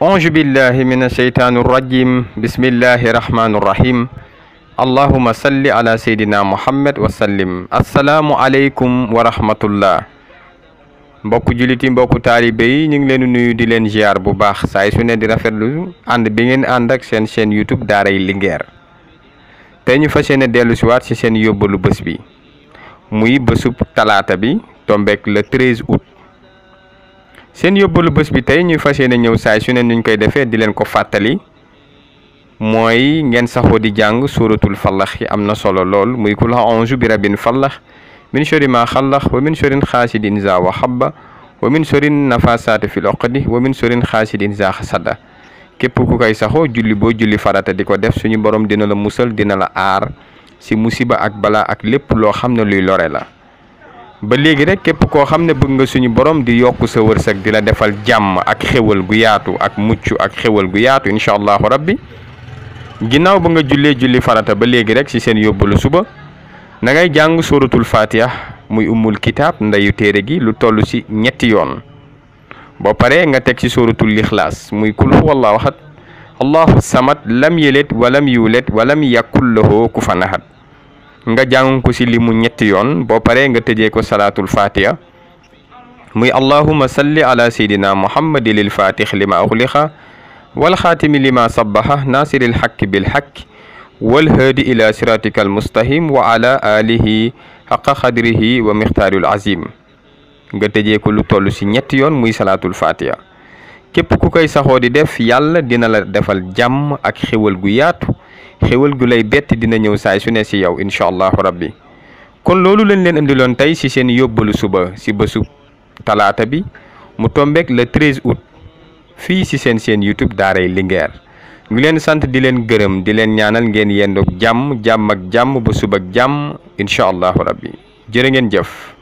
أعوذ بالله من الشيطان الرجيم بسم الله الرحمن الرحيم اللهم صل على سيدنا محمد وسلم السلام عليكم ورحمة الله mbokk jullit yi mbokk taalibe yi ñu ngi leen nuyu di leen ziar bu baax saay su ne di rafetlu ànd bi ngeen ànd ak seen chaîne YouTube daaray Linguère tey ñu fas yéene dellu si waat si seen yóbbalu bés bi muy bésub talaata bi tombeek le 13 août seen yóbbalu bus bi tay ñuy fas yéene ñëw saay su ne nuñ koy defee di len ko fatali moy ngeen saxo di jang suratul fallax yi solo lol muy kul a'uuzu bi rabbin fallax min shari ma xalax wa min shari khasidin za wa habba wa min shari nafasati fil uqdi wa min shari khasidin za khasada kep ku koy saxo julli bo julli farata diko def suñu borom dina la musal dina la ar si musiba ak bala ak lepp lo xamne luy lore ba léegi rek képp koo xam ne bëgg nga suñu borom di yokk sa wërsëg di la defal jàmm ak xéwél gu yaatu ak mucc ak xéwél gu yaatu incha allahu rabbi ginnaaw ba nga jullee julli farata ba léegi rek ci seen yóbbalu suba na ngay jàng suratul faatiya muy umul kitaab ndeyu téere gi lu toll ci ñetti yoon boo paree nga teg ci suratul lixlaas muy kul huwallahu ahad allahu samad lam yelid walam yuulad walam yakul lahu kufuwan ahad nga jàng ci limu ñetti yoon boo paree nga tëjee ko salaatul fatiha muy allahuma salli ala sayidina muhammadi lil fatih lima uxliqa wal xaatimi lima sabaxa naasiril xakki bil xakki wal haadi ila siratika almustahim wa ala alihi xaqa xadrihi wa mixtaaril azim nga tëjee ko lu toll ci ñetti yoon muy salaatul fatiha képp ku koy saxoo di def yàlla dina la defal jàmm ak xéwal gu yaatu xéwal gu lay bett dina ñëw saay su ne si yow incha allahu rabbi kon loolu lañ leen indiloon tey si seen yóbbalu suba si bësub talaata bi mu tombeek la 13 août fii si seen seen youtube daaray Linguère ñu leen sant di leen gërëm di leen ñaanal ngeen yendoog jàmm jàmm ak jàmm ba suba ak jàmm incha allahu rabbi jërë ngeen jëf